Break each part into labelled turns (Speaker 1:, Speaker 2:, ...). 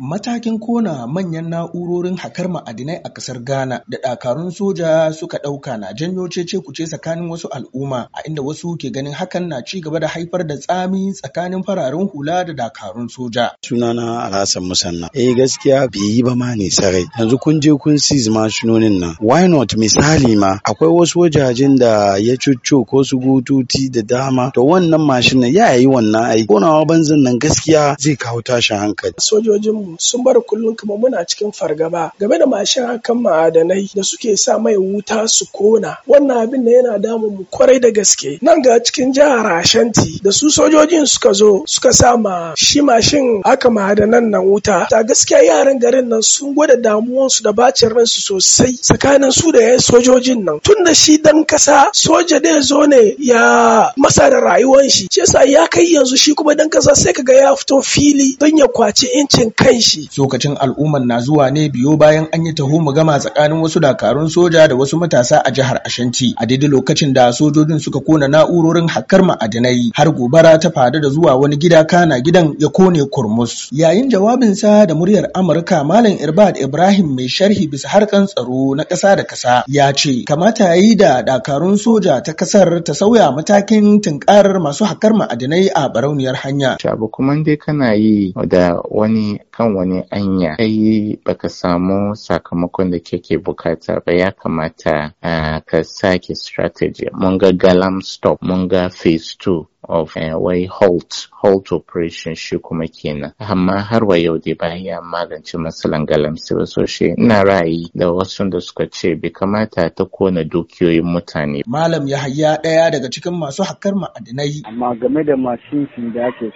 Speaker 1: Matakin kona manyan na'urorin hakar ma'adinai a ƙasar Ghana da dakarun soja suka ɗauka na janyo cece kuce tsakanin wasu al'umma a inda wasu ke ganin hakan na ci gaba da haifar da tsami tsakanin fararen hula da dakarun soja. Sunana Alhassan Musanna. Eh gaskiya bi yi ba ma ne sarai. Yanzu kun je kun seize mashinonin nan. Why not misali ma akwai wasu wajajen da ya cucco ko su gututi da dama to wannan mashin ya yi wannan aiki. Konawa banzan nan gaskiya zai kawo tashin hankali. Sojojin
Speaker 2: sun bar kullum kamar muna cikin fargaba game da mashin hakan ma'adanai da suke sa mai wuta su kona wannan abin da yana damun mu kwarai da gaske nan ga cikin jihar Ashanti da su sojojin suka zo suka sa ma shi mashin haka ma'adanan nan wuta ta gaskiya yaran garin nan sun gwada damuwansu da bacin ransu sosai tsakanin su da sojojin nan tun da shi dan kasa soja da zo ne ya masa da rayuwan
Speaker 1: shi shi ya kai yanzu shi kuma dan kasa sai kaga ya fito fili don ya kwaci incin kai shi sokacin al'umman na zuwa ne biyo bayan an yi taho mu gama tsakanin wasu dakarun soja da wasu matasa a jihar Ashanti a daidai lokacin da sojojin suka kona na'urorin hakar ma'adinai, har gobara ta fada da zuwa wani gida kana gidan ya kone kurmus yayin jawabinsa da muryar Amurka Malam Irbad Ibrahim mai sharhi bisa harkan tsaro na ƙasa da ƙasa ya ce kamata yi da dakarun soja ta ƙasar ta sauya matakin tunkar masu
Speaker 3: hakar ma'adinai a barauniyar hanya. Shabu kuma dai kana yi da wani kan wani anya kai baka samu sakamakon da kake bukata ba ya kamata ah, ka sake strategy mun ga galam stop mun ga phase 2 of wai halt halt operation shi kuma kenan amma har wa yau dai ba ya magance matsalan galamsi ba so shi ina ra'ayi da wasu da suka ce bai kamata ta kona dukiyoyin mutane
Speaker 1: malam yahaya ɗaya daga cikin masu hakkar ma'adinai amma
Speaker 4: game da masu shi da ake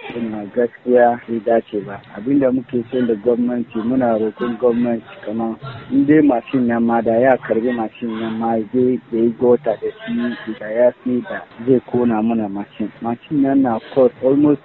Speaker 4: gaskiya sai dace ba abinda muke so da gwamnati muna roƙon gwamnati kamar in dai mashin nan ma da ya karbi mashin nan ma zai yi gota da shi da ya fi da zai kona mana mashin nan almost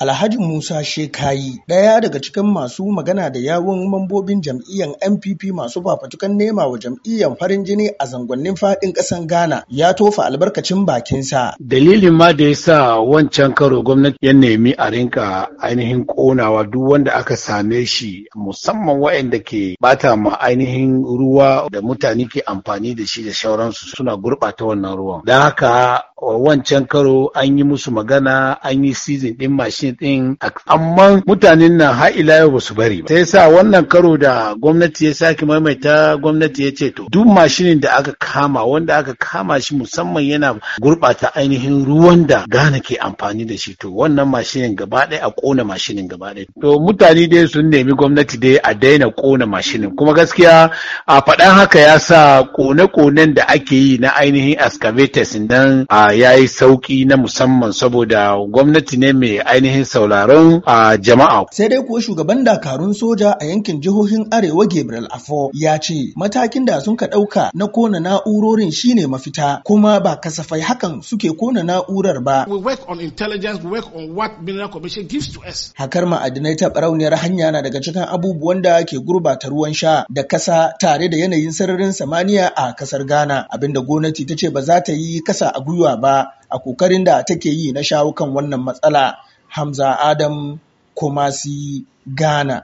Speaker 1: Alhaji Musa Shekayi ɗaya daga cikin masu magana da yawun mambobin jam'iyyar NPP masu fafatukan nema wa jam'iyyar farin jini a zangonnin faɗin ƙasan Ghana ya tofa albarkacin bakinsa.
Speaker 4: Dalilin ma da ya sa wancan karo gwamnati ya nemi a rinka ainihin ƙonawa duk wanda aka same shi musamman waɗanda ke bata ma ainihin ruwa da mutane ke amfani da shi da sauransu suna gurɓata wannan ruwan. Don haka wancan karo an yi musu magana an yi season din mashin din amma mutanen nan ha ila yau basu bari ba sai sa wannan karo da gwamnati ya sake maimaita gwamnati ya ce to duk mashinin da aka kama wanda aka kama shi musamman yana gurbata ainihin ruwan da gane ke amfani da shi to wannan mashinin gaba ɗaya a kona mashinin gaba ɗaya to mutane dai sun nemi gwamnati dai a daina kona mashinin kuma gaskiya a faɗan haka ya sa kone-konen da ake yi na ainihin excavators nan a ya yi sauki na musamman saboda gwamnati ne mai ainihin sauraron a jama'a.
Speaker 1: Sai dai kuwa shugaban dakarun soja a yankin jihohin Arewa Gabriel Afo ya ce matakin da sun ka ɗauka na kona na'urorin shine mafita kuma ba kasafai hakan suke kona na'urar ba.
Speaker 4: We work on intelligence, we work on what Mineral Commission gives to us.
Speaker 1: Hakar ma'adinai ta barauniyar hanya na daga cikin abubuwan da ke gurbata ruwan sha da kasa tare da yanayin sararin samaniya a kasar Ghana abinda gwamnati ta ce ba za ta yi kasa a gwiwa gaba a kokarin da take yi na shawo kan wannan matsala Hamza Adam Kumasi Ghana.